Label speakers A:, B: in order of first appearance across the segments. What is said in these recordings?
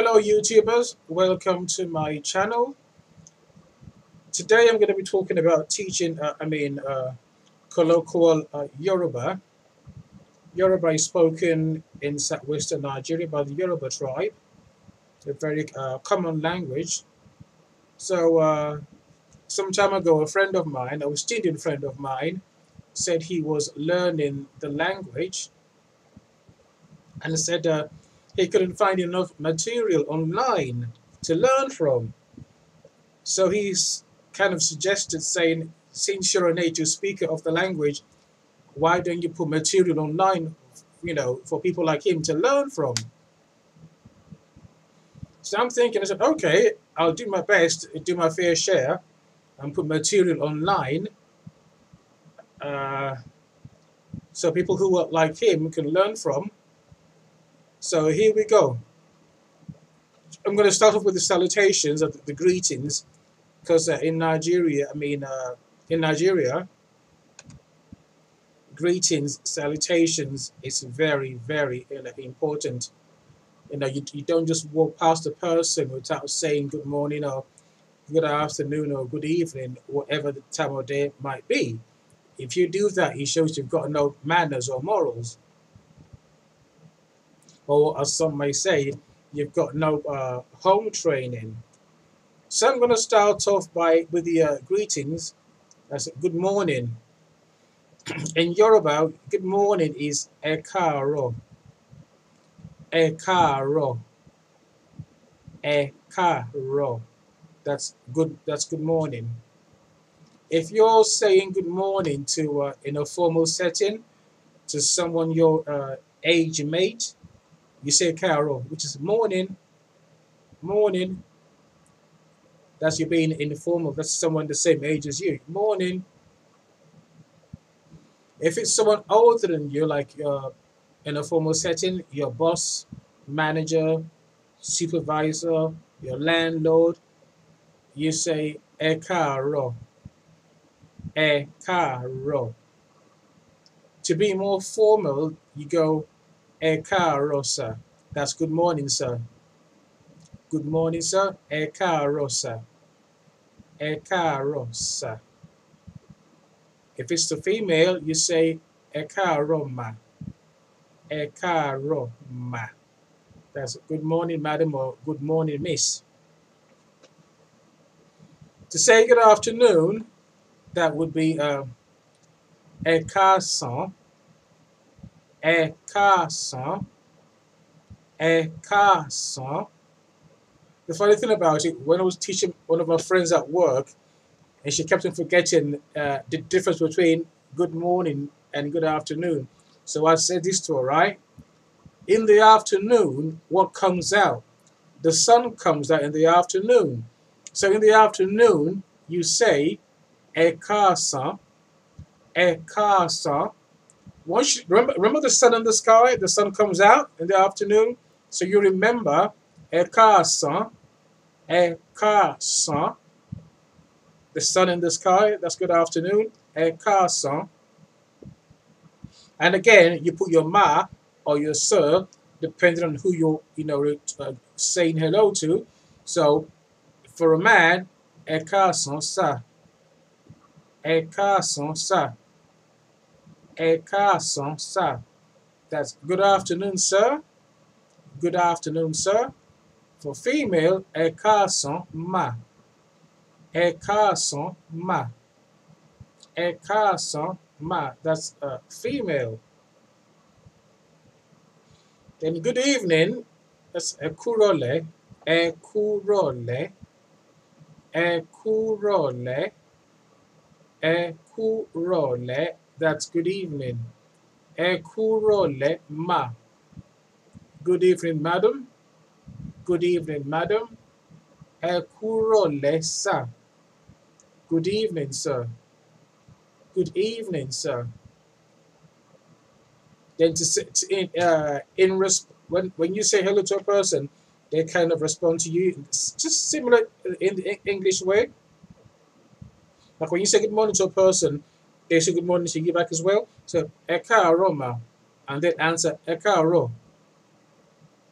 A: Hello YouTubers, welcome to my channel. Today I'm going to be talking about teaching, uh, I mean, uh, colloquial uh, Yoruba. Yoruba is spoken in southwestern Nigeria by the Yoruba tribe. It's a very uh, common language. So, uh, some time ago, a friend of mine, a student friend of mine, said he was learning the language and said he couldn't find enough material online to learn from. So he's kind of suggested saying, since you're a native speaker of the language, why don't you put material online, you know, for people like him to learn from? So I'm thinking, I said, okay, I'll do my best, do my fair share, and put material online uh, so people who are like him can learn from. So here we go. I'm going to start off with the salutations, the, the greetings, because uh, in Nigeria, I mean, uh, in Nigeria, greetings, salutations is very, very uh, important. You know, you, you don't just walk past a person without saying good morning or good afternoon or good evening, whatever the time of day might be. If you do that, it shows you've got no manners or morals or as some may say, you've got no uh, home training. So I'm going to start off by with the uh, greetings. That's good morning. In Yoruba, good morning is ekaro. Ekaro. Ekaro. That's good. That's good morning. If you're saying good morning to uh, in a formal setting to someone your uh, age mate, you say Cairo, which is morning, morning. That's you being in the form of that's someone the same age as you. Morning. If it's someone older than you, like uh, in a formal setting, your boss, manager, supervisor, your landlord, you say E eh, caro. E eh, caro. To be more formal, you go Ẹ káàárọ̀ sir. That's good morning, sir. Good morning, sir. Ẹ káàárọ̀ sir. Ẹ sir. If it's a female, you say Ẹ káàárọ̀ ma. Ẹ ma. That's good morning, madam, or good morning, miss. To say good afternoon, that would be uh, Ẹ Ẹ káàsán. The funny thing about it, when I was teaching one of my friends at work, and she kept on forgetting uh, the difference between good morning and good afternoon. So I said this to her, right? In the afternoon, what comes out? The sun comes out in the afternoon. So in the afternoon, you say, Ẹ káàsán, once you, remember, remember the sun in the sky, the sun comes out in the afternoon. So you remember Ekasan, Ekasan, the sun in the sky, that's good afternoon, Ekasan. And again, you put your ma or your sir, depending on who you're you know, uh, saying hello to. So for a man, Ekasan sa, Ekasan sa. Ẹ káàsán sir. That's good afternoon, sir. Good afternoon, sir. For female, Ẹ káàsán ma. Ẹ káàsán ma. Ẹ káàsán ma. That's a uh, female. Then good evening. That's ekurole. kúrọ̀lẹ́. Ekurole. kúrọ̀lẹ́. kúrọ̀lẹ́. kúrọ̀lẹ́. That's good evening. Ekurole ma. Good evening, madam. Good evening, madam. Ekurole sa. Good evening, sir. Good evening, sir. Then to, to in uh, in resp- when when you say hello to a person, they kind of respond to you just similar in the English way. Like when you say good morning to a person, they say good morning, she give back as well. So ẹ káàárọ̀ ma, and then answer ẹ káàárọ̀,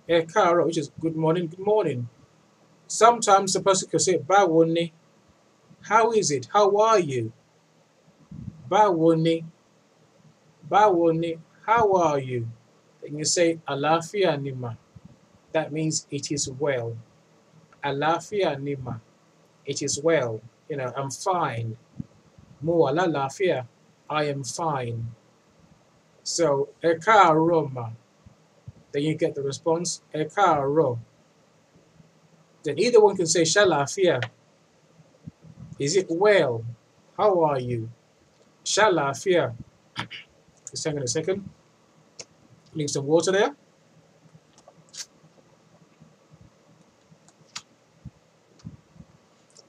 A: ẹ káàárọ̀, which is good morning, good morning. Sometimes the person could say báwo how is it, how are you? Báwo ni, how are you? Then you say "Alafia nima," That means it is well. Alafia nima, It is well. You know, I'm fine. Moa lafia, I am fine. So Eka Roma. Then you get the response Eka Ro. Then either one can say Shalafia. Is it well? How are you? Shalafia. Just hang on a second. Leave some water there.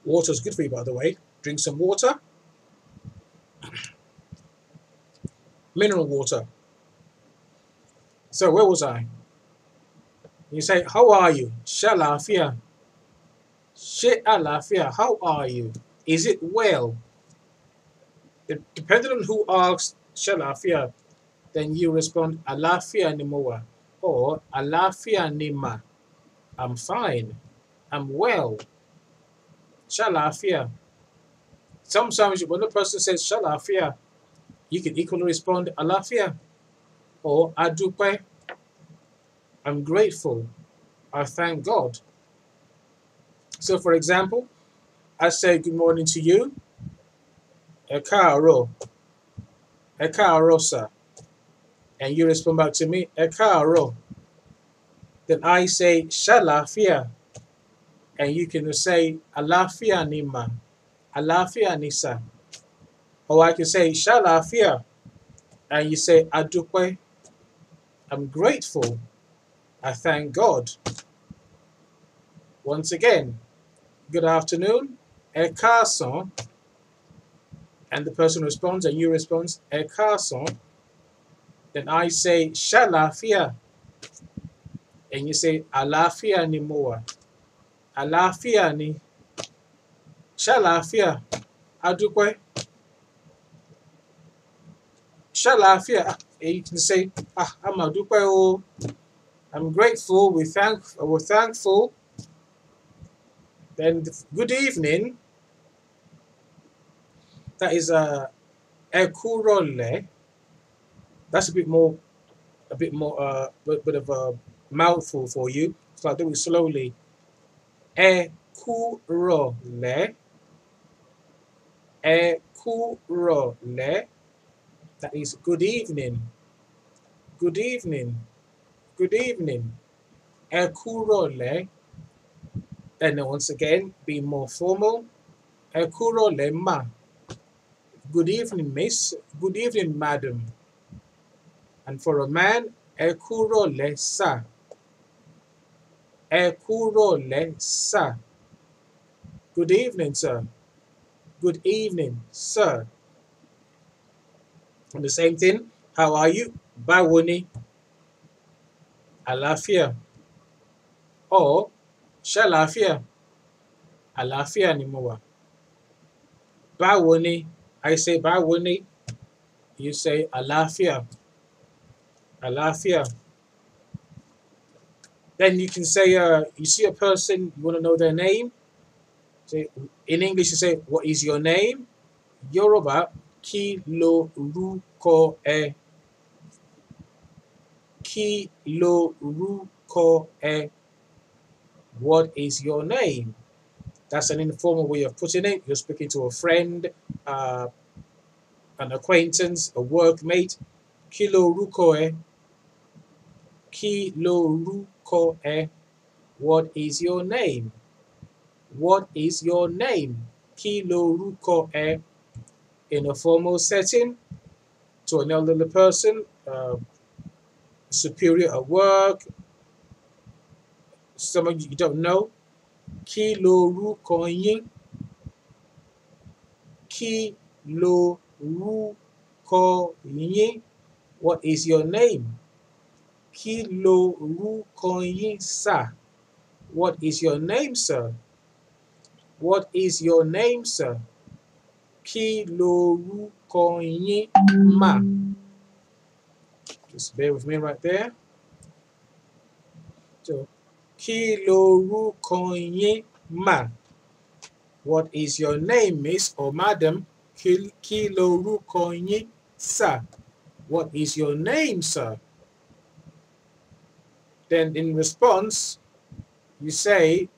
A: Water is good for you, by the way. Drink some water. mineral water. So where was I? You say, how are you? Shalafia. Shalafia. How are you? Is it well? It, depending on who asks shalafia, then you respond alafia nimoa or alafia nima. I'm fine. I'm well. Shalafia. Sometimes when the person says shalafia, you can equally respond alafia or adupe. I'm grateful. I thank God. So for example, I say good morning to you. Ekaro. Ekaro, sir. And you respond back to me, Ekaro. Then I say shalafia. And you can say alafia nima. Alafia nisa. Or I can say, Shalafia. And you say, Adupe. I'm grateful. I thank God. Once again, good afternoon, Ekason. And the person responds, and you respond, Ekason. Then I say, Shalafia. And you say, Alafia ni moa. Alafia ni. Shalafia. Adupe ṣàlàáfíà You can say ah a mà dúpẹ́ o i'm grateful we thank we're thankful then good evening that a, ẹ uh, that's a bit more a bit more uh bit, of a mouthful for you so I'll do it slowly ẹ kú that is good evening. Good evening. Good evening. El kurole. Then once again, be more formal. El kurole ma. Good evening, miss. Good evening, madam. And for a man, el kurole sa. El kurole sa. Good evening, sir. Good evening, sir from the same thing. How are you? Báwo ni? Alafia. Or Shalafia. Alafia ni mo wà. I say báwo ni? You say alafia. Alafia. Then you can say, uh, you see a person, you want to know their name. Say, in English, you say, what is your name? Yoruba, kí ẹ kí ẹ what is your name that's an informal way of putting it you're speaking to a friend uh, an acquaintance a workmate kí lorúkọ ẹ kí lorúkọ ẹ what is your name what is your name kí lorúkọ ẹ in a formal setting to an elderly person, uh, superior at work, someone you don't know. Kí lorúkọ yín? Kí lorúkọ yín? What is your name? Kí ru yín sir? What is your name sir? What is your name sir? Kí Ru. Koyima. Just bear with me right there. So, Kiloru Koyima. What is your name, miss or madam? Kiloru Koyima. Sir, what is your name, sir? Then in response, you say,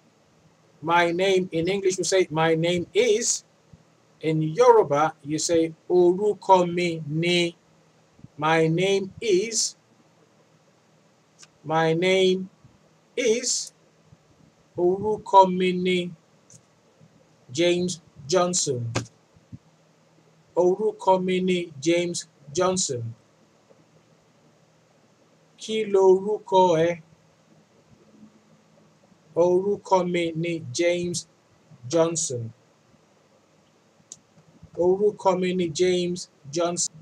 A: my name, in English You say, my name is, in Yoruba, you say Oruko mi ni. My name is. My name is Oruko mi ni James Johnson. Oruko mi ni James Johnson. Kilo ruko ẹ? Orúkọ mi ni James Johnson. Oru Komini James Johnson.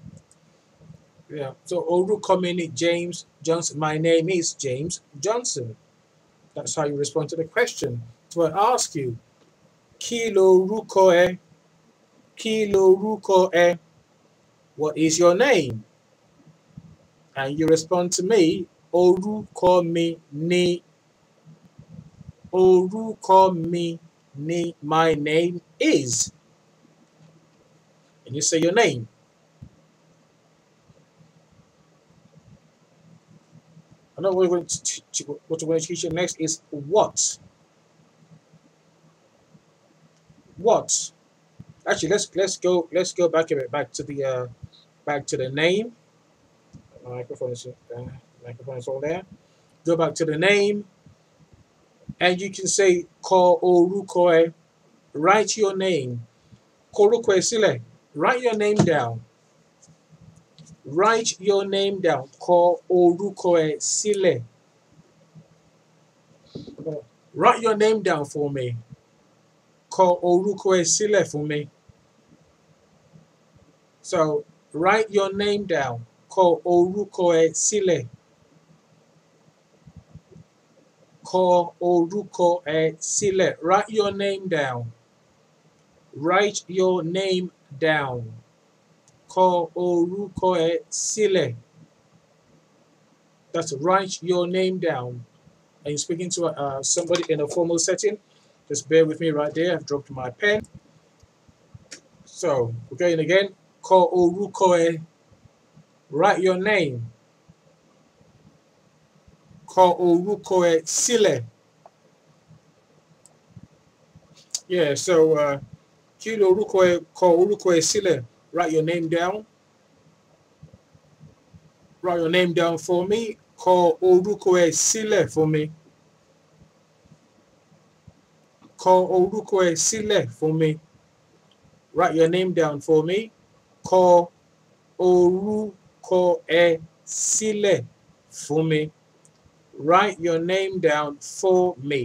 A: Yeah, so Oru Komini James Johnson. My name is James Johnson. That's how you respond to the question. So I ask you, Kilo Ruko e, Kilo Ruko e, what is your name? And you respond to me, Oru me Ni. Oru me Ni, my name is and you say your name. Another way we're going to, to, what we're going to teach you next is what. What? Actually, let's let's go let's go back a bit back to the uh, back to the name. My microphone is uh, microphone is all there. Go back to the name, and you can say call orukoe. Write your name. Korukoe sile. Write your name down. Write your name down. call orúkọ ẹ sílẹ̀. Write your name down for me. call orúkọ ẹ sílẹ̀ for me. So write your name down. call orúkọ ẹ sílẹ̀. call orúkọ ẹ sílẹ̀. Write your name down. Write your name down kọ orúkọ ẹ sílẹ̀ that's write your name down and you're speaking to uh, somebody in a formal setting just bear with me right there I've dropped my pen so we're going again kọ orúkọ ẹ write your name kọ orúkọ ẹ sílẹ̀ yeah so uh, Kilo rukoe kọ orúkọ ẹ sílẹ̀ write your name down write your name down for me kọ orúkọ ẹ sílẹ̀ for me kọ orúkọ ẹ sílẹ̀ for me write your name down for me kọ orúkọ ẹ sílẹ̀ fún mi write your name down for me.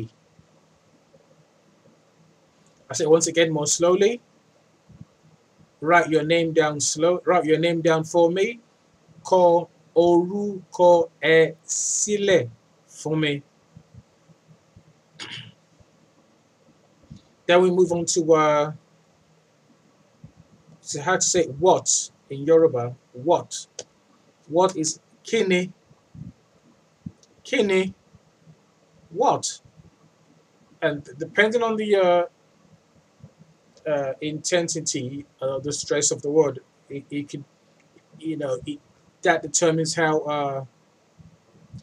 A: I once again more slowly. Write your name down slow. Write your name down for me. Kọ orúkọ ẹ sílẹ̀ for me. Then we move on to uh, to how to say what in Yoruba. What? What is kini? Kini? What? And depending on the uh, uh, intensity, uh, the stress of the word, it, it could, you know, it, that determines how uh,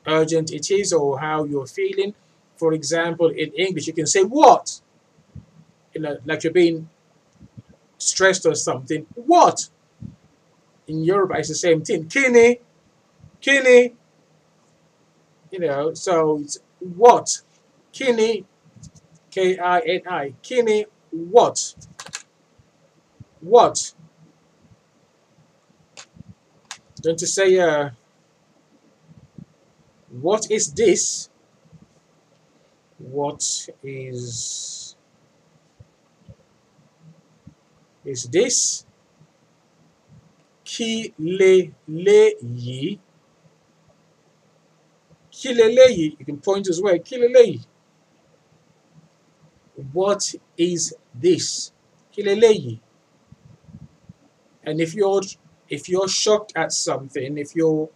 A: urgent it is or how you're feeling. For example, in English, you can say what, you know, like you're being stressed or something. What? In Europe, it's the same thing. Kini, kini. You know, so it's what, kini, K I N I, kini what? What? Don't you say, uh, what is this? What is is this? Kí le Kí le You can point as well. Kí le what is this? Kileleyi. And if you're if you're shocked at something, if you're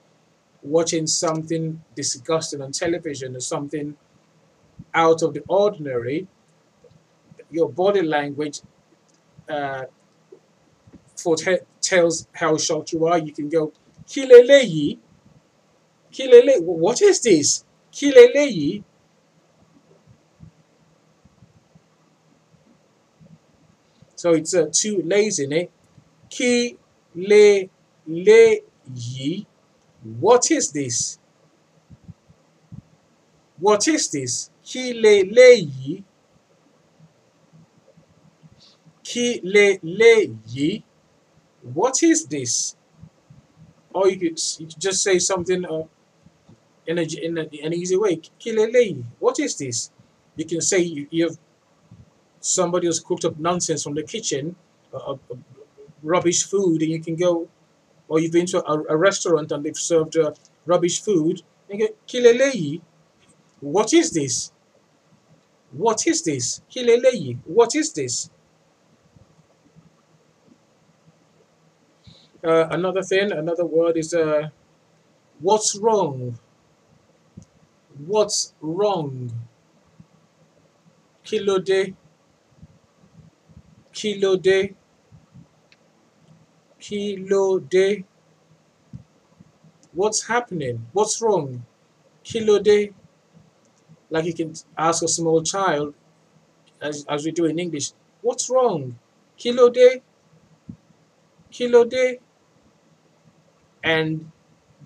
A: watching something disgusting on television or something out of the ordinary, your body language uh, tells how shocked you are. You can go, Kileleyi, Kilele, what is this? Kileleyi So it's uh, two lays in it. Ki le le yi. What is this? What is this? Ki le le yi. Ki le le yi. What is this? Or you could, you could just say something uh, in, a, in, a, in an easy way. Ki le le yi. What is this? You can say you, you've somebody has cooked up nonsense from the kitchen, uh, uh, rubbish food, and you can go, or you've been to a, a restaurant and they've served uh, rubbish food, and you go, Kilelei, what is this? What is this? Kilelei, what is this? Uh, another thing, another word is uh, what's wrong? What's wrong? Kilode Kilo kilo day. What's happening? What's wrong? kilo day? Like you can ask a small child, as, as we do in English, what's wrong? kilo Kilo day. And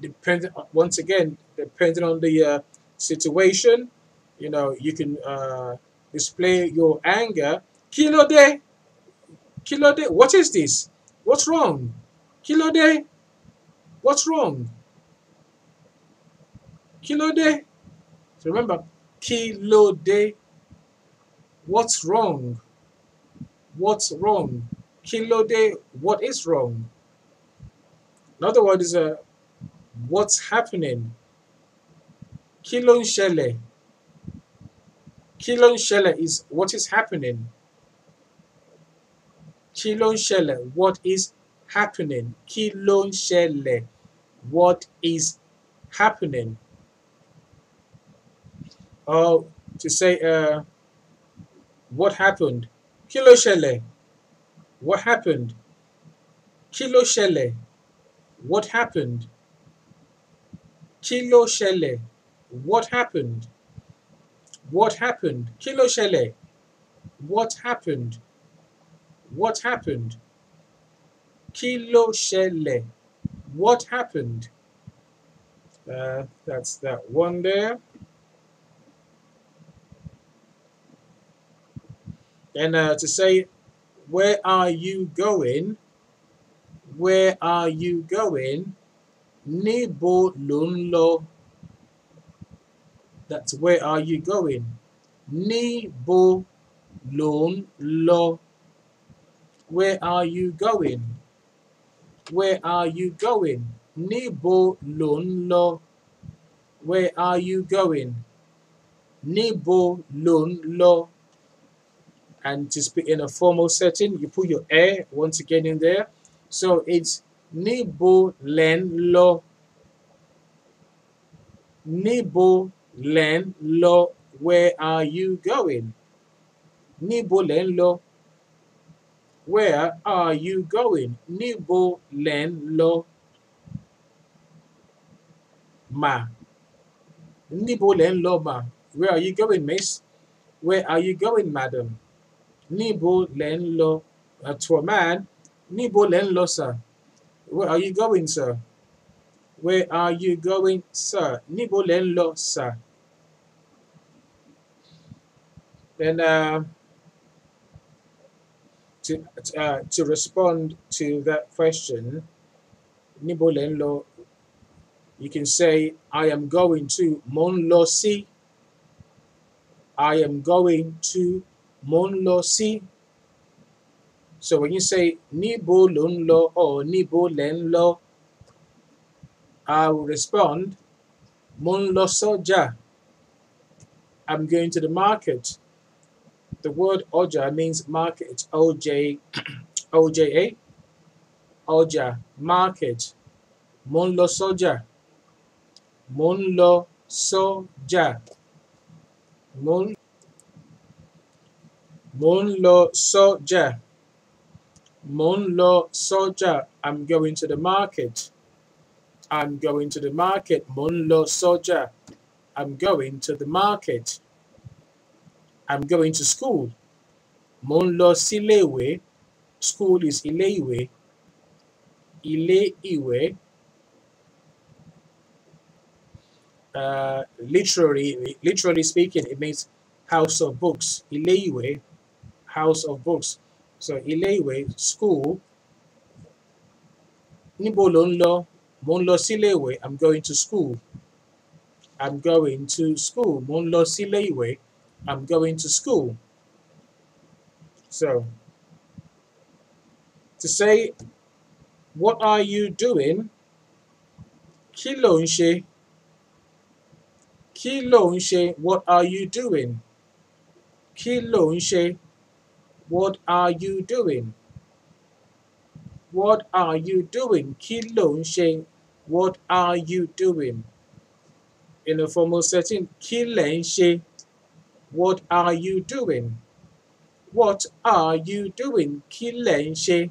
A: depending once again, depending on the uh, situation, you know, you can uh, display your anger. kilo day. Kílódé, what is this? What's wrong? Kílódé, what's wrong? Kílódé. So remember, kílódé. What's wrong? What's wrong? Kílódé, what is wrong? Another word is a uh, what's happening? Kí ló ń ṣẹlẹ̀? is what is happening. Kí ló ń ṣẹlẹ̀? What is happening? Kí ló ń ṣẹlẹ̀? What is happening? Or oh, to say, uh, what happened? Kí ló ṣẹlẹ̀? What happened? Kí ló ṣẹlẹ̀? What happened? Kí ló ṣẹlẹ̀? What happened? What happened? Kí ló ṣẹlẹ̀? What happened? What happened? Kilo shele. What happened? Uh, that's that one there. Then uh, to say, where are you going? Where are you going? Níbo lò That's where are you going? Níbo lò lọ? Where are you going? Where are you going? Níbo lò lọ? Where are you going? Níbo lò lọ? And to speak in a formal setting, you put your air once again in there. So it's Níbo lẹ̀ lọ? Níbo lẹ̀ lọ? Where are you going? Níbo lẹ̀ lọ? Where are you going? Níbo len lọ? Ma. Níbo len lọ ma? Where are you going, miss? Where are you going, madam? Níbo len lọ? Uh, to a man, níbo len lọ, sir? Where are you going, sir? Where are you going, sir? Níbo len lọ, sir? Then, uh, to, uh, to respond to that question, níbo lọ, you can say, I am going to Monlosi." I am going to Monlosi. So when you say níbo lò or níbo lọ, I will respond, Monlosoja. sọ́jà. I'm going to the market. The word oja means market. It's O-J, O-J-A. Oja, market. Mon lo soja. Mon lo soja. Mon, mon lo soja. Mon lo soja. I'm going to the market. I'm going to the market. Mon lo soja. I'm going to the market. I'm going to school. Monlo ń lewe. School is ilé ìwé. ìwé. Uh, literally, literally speaking, it means house of books. Ilé house of books. So ilé school. Níbo lò ń lọ? ìwé. I'm going to school. I'm going to school. Monlo ń lewe. I'm going to school. So, to say, what are you doing? Kí lò What are you doing? Kí What are you doing? What are you doing? Kí What are you doing? In a formal setting, kí what are you doing? What are you doing? Kí lẹ̀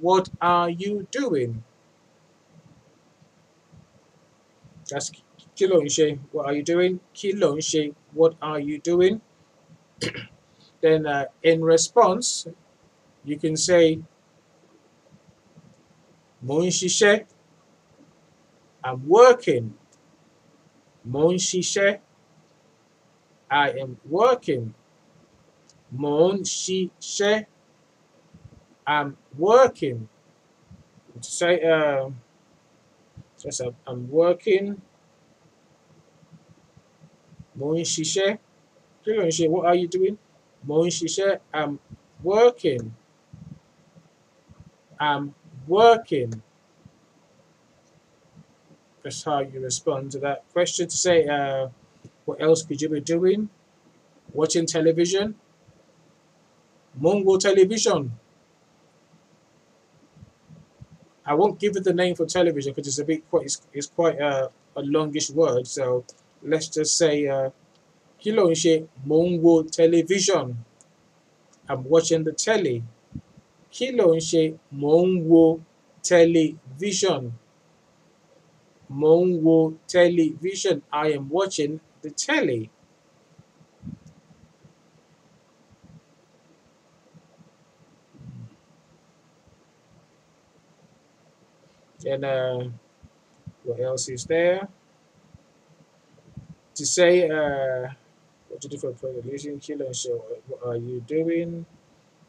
A: What are you doing? That's kí What are you doing? Kí What are you doing? then uh, in response, you can say, Mo ṣiṣẹ́. I'm working. Mo ń I am working. Mo n ṣiṣẹ́. I'm working. To say, uh, um, yes, I'm working. Mo ń What are you doing? Mo n ṣiṣẹ́. I'm working. I'm working. That's how you respond to that question. To say, uh, what else could you be doing? Watching television? Mongol television. I won't give it the name for television because it's a bit quite it's, it's quite a, a, longish word. So let's just say kilo uh, Mongol television. I'm watching the telly. Kilo Mongol television. Mongwo television. I am watching the telly. And uh, what else is there? To say, uh, what you do for production, killer, so uh, what are you doing?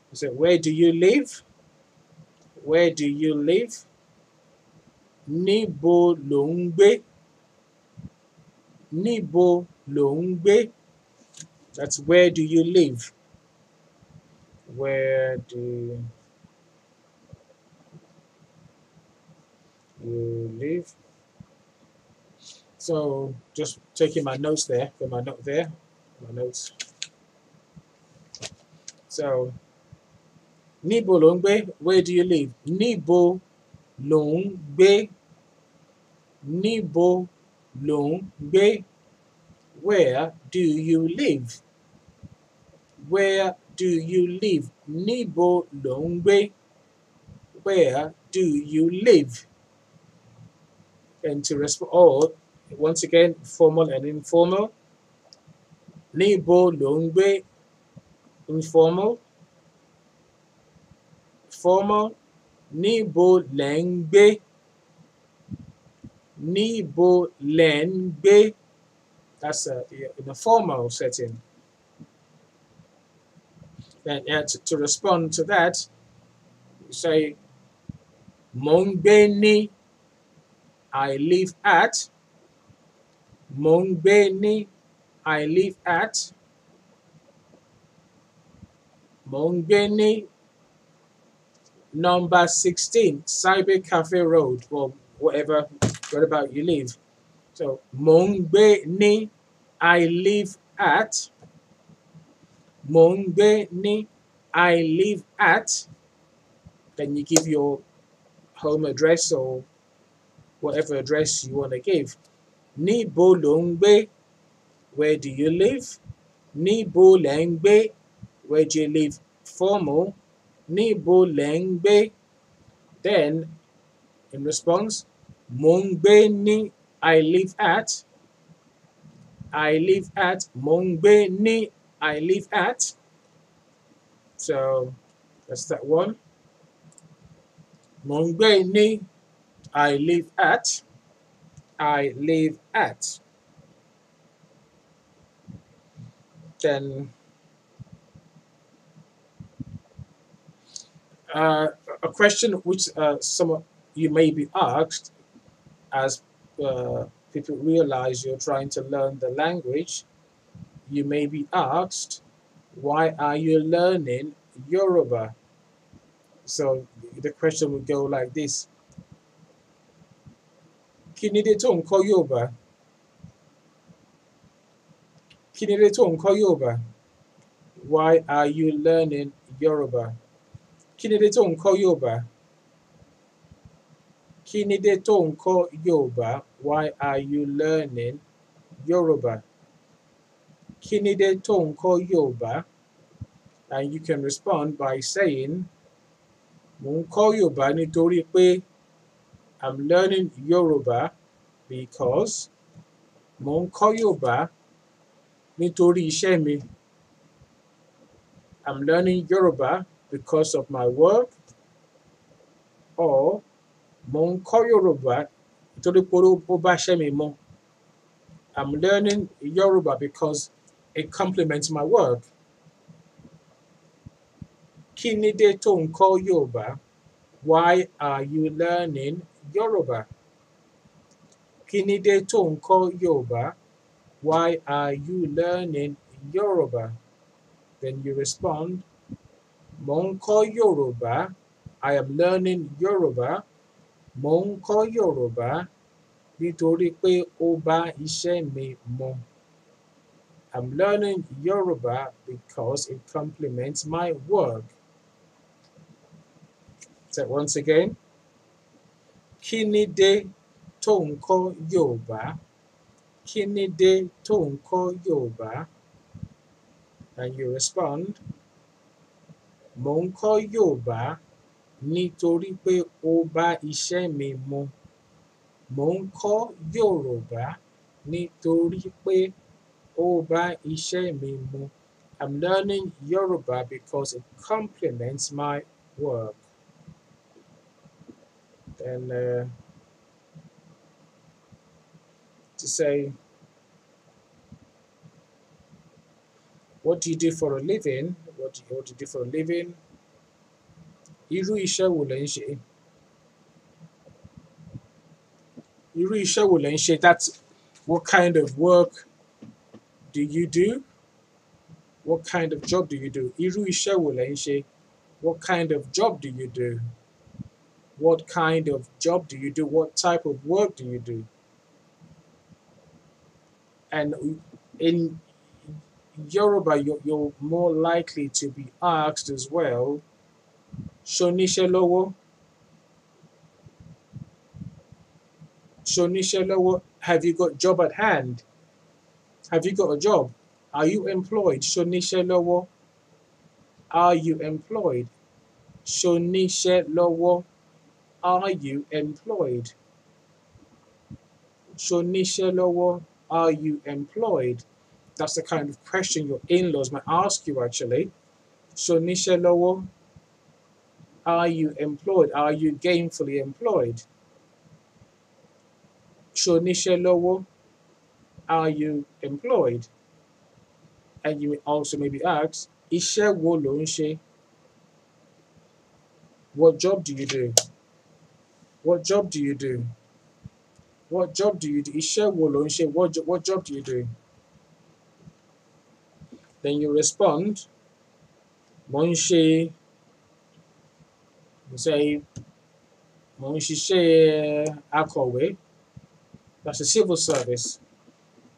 A: He said, where do you live? Where do you live? Níbo lò ń gbé? Níbo lò ń gbé? That's where do you live? Where do you live? So just taking my notes there, put my note there, my notes. So, níbo Longbe, Where do you live? Níbo lò ń gbé níbo lò ń gbé where do you live where do you live níbo lò ń gbé where do you live and to respond or once again formal and informal níbo lò ń gbé informal formal Ni bo ń gbé? Níbo lẹ̀ That's a, uh, in a formal setting. Then yeah, to, to respond to that, you say, Mo ní, I live at. Mo ní, I live at. Mo ní, Number 16, Cyber Cafe Road, or whatever, what about you live. So, Mongbe ni, I live at. Mongbe ni, I live at. Then you give your home address or whatever address you want to give. Ni Bolongbe, where do you live? Ni Bolengbe, where do you live? Formal níbo lẹ̀ ń then in response mo ní I live at I live at mo ní I live at so that's that one mo ní I live at I live at then. uh, a question which uh, some of you may be asked as uh, people realize you're trying to learn the language, you may be asked, why are you learning Yoruba? So the question would go like this. Kinide to nko Yoruba? Kinide to nko Yoruba? Why are you learning Yoruba? kí dé tó ń kọ́ dé tó ń why are you learning Yoruba kí dé tó ń and you can respond by saying "Mon Koyoba ko Yorùbá nítorí pé I'm learning Yoruba because Mon Koyoba kọ́ Yorùbá nítorí iṣẹ́ mi I'm learning Yoruba because of my work or mo ń Yorùbá nítorí i I'm learning Yoruba because it complements my work Kini dé tó ń Yorùbá why are you learning Yoruba Kini dé tó ń Yorùbá why are you learning Yoruba then you respond Monko Yorùbá. I am learning Yorùbá. Monko Yorùbá nítorí pé ó bá iṣẹ́ mi I'm learning Yorùbá because it complements my work. So once again, kí tonko dé Yorùbá? Kí tonko dé Yorùbá? And you respond. Mò ń kọ́ Yoòbá nítorí pé ó bá iṣẹ́ mi mu. Mò ń kọ́ Yorùbá nítorí pé ó bá iṣẹ́ mi mu. I'm learning Yoruba because it complements my work. Then uh, to say, what do you do for a living? what you, what you do for a living irú iṣẹ́ wo lẹ ń that's what kind of work do you do what kind of job do you do irú iṣẹ́ wo lẹ ń what kind of job do you do what kind of job do you do what type of work do you do and in Yoruba, you're, you're more likely to be asked as well. Shonishelowo. Shonishelowo, have you got job at hand? Have you got a job? Are you employed? Shonishelowo. Are you employed? Shonishelowo. Are you employed? Shonishelowo, are you employed? That's the kind of question your in-laws might ask you actually. So Nishelowo, are you employed? Are you gainfully employed? So Nishelowo, are you employed? And you may also maybe ask, Ishe wolo lo What job do you do? What job do you do? What job do you do? Ishe wo lo nse? What job do you do? Then you respond, Monshi, you say, Monshi Akowe, that's the civil service.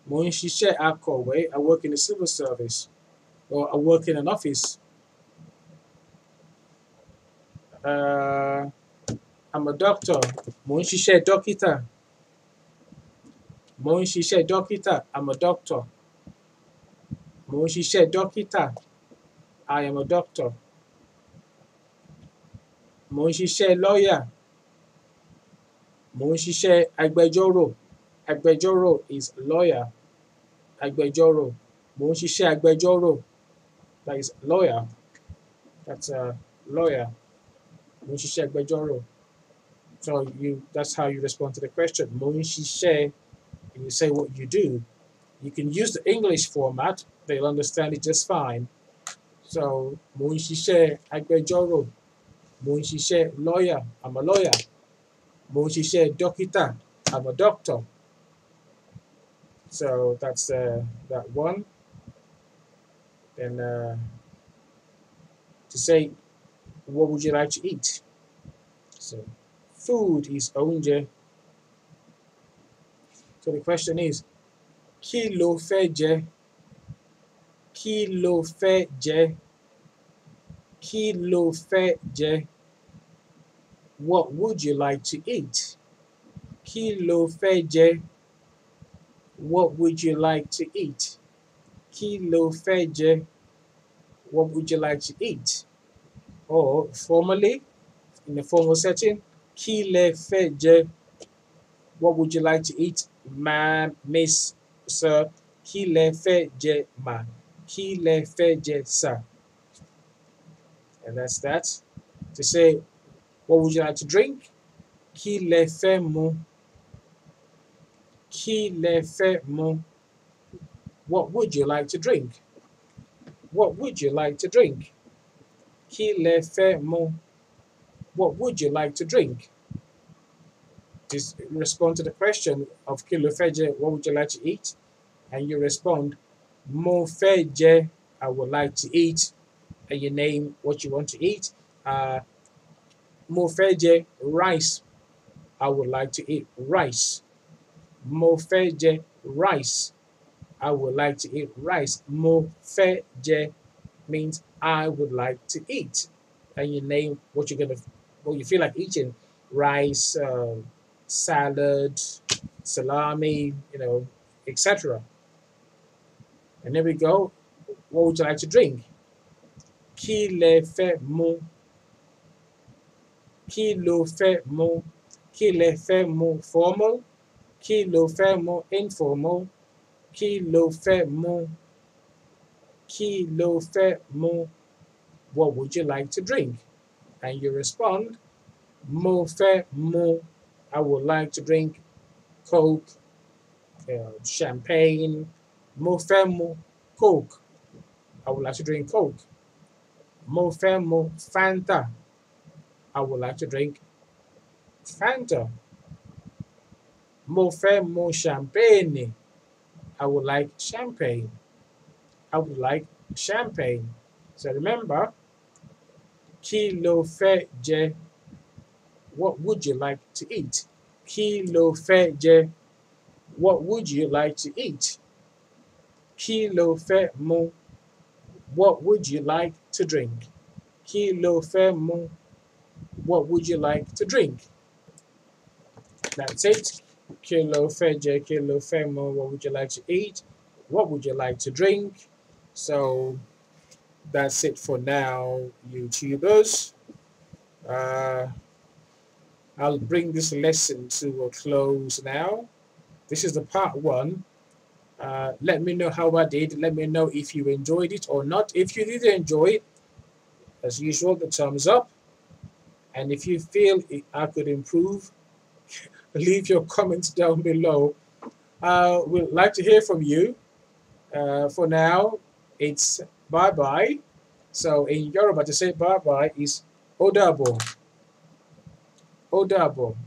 A: Monshi Akowe, I work in the civil service, or I work in an office. Uh, I'm a doctor, Monshi Dokita. Monshi Dokita, I'm a doctor mo ń ṣiṣẹ́ dókítà I am a doctor mo ń ṣiṣẹ́ lawyer mo ń ṣiṣẹ́ agbẹjọ́rò agbẹjọ́rò is lawyer agbẹjọ́rò mo ń ṣiṣẹ́ agbẹjọ́rò that is lawyer that's a uh, lawyer mo ń ṣiṣẹ́ agbẹjọ́rò so you that's how you respond to the question mo ń ṣiṣẹ́ and you say what you do you can use the English format, they'll understand it just fine. So, mo ń ṣiṣẹ́ agbẹjọ́rò, lawyer, I'm a lawyer, mo n doctor, ṣiṣẹ́ dókítà, I'm a doctor. So that's uh, that one. Then uh, to say, what would you like to eat? So food is oúnjẹ. So the question is, kí lo fẹ́ jẹ kí lo fẹ́ jẹ kí lo fẹ́ jẹ what would you like to eat kí lo fẹ́ jẹ what would you like to eat kí lo fẹ́ jẹ what would you like to eat or formally in a formal setting kí lẹ fẹ́ jẹ what would you like to eat ma'am miss sọ kí lẹ fẹ́ jẹ mà kí lẹ fẹ́ jẹ sà. And that's that. To say, what would you like to drink? Kí lẹ fẹ́ mu? Kí lẹ fẹ́ mu? What would you like to drink? What would you like to drink? Kí lẹ fẹ́ mu? What would you like to drink? just respond to the question of kilo feje, what would you like to eat? And you respond, mo feje, I would like to eat. And you name what you want to eat. Uh, mo feje, rice, I would like to eat rice. Mo feje, rice, I would like to eat rice. Mo feje means I would like to eat. And you name what you're gonna, what you feel like eating rice, um, salad, salami, you know, etc. And there we go. What would you like to drink? Qui le fait mon? Qui le fait mon? Qui le fait mon formal? Qui le fait mon informal? Qui le fait mon? Qui le fait mon? What would you like to drink? And you respond, mon fait mon I would like to drink Coke, uh, champagne, Mofemo Coke. I would like to drink Coke. Mofemo Fanta. I would like to drink Fanta. Mofemo Champagne. I would like champagne. I would like champagne. So remember, kí fẹ́ jẹ what would you like to eat? Kí lo fẹ́ jẹ? What would you like to eat? Kí lo fẹ́ mu? What would you like to drink? Kí lo fẹ́ mu? What would you like to drink? That's it. Kí lo fẹ́ jẹ? Kí lo fẹ́ mu? What would you like to eat? What would you like to drink? So that's it for now, YouTubers. Uh, I'll bring this lesson to a close now. This is the part one. Uh, let me know how I did. Let me know if you enjoyed it or not. If you did enjoy it, as usual, the thumbs up. And if you feel I could improve, leave your comments down below. Uh, we'd like to hear from you. Uh, for now, it's bye-bye. So in Yoruba, to say bye-bye is odabo. Oh double.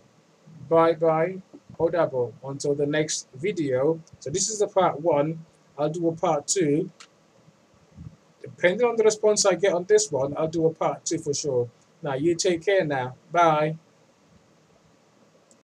A: Bye bye. oh double. Until the next video. So this is the part one. I'll do a part two. Depending on the response I get on this one, I'll do a part two for sure. Now you take care now. Bye.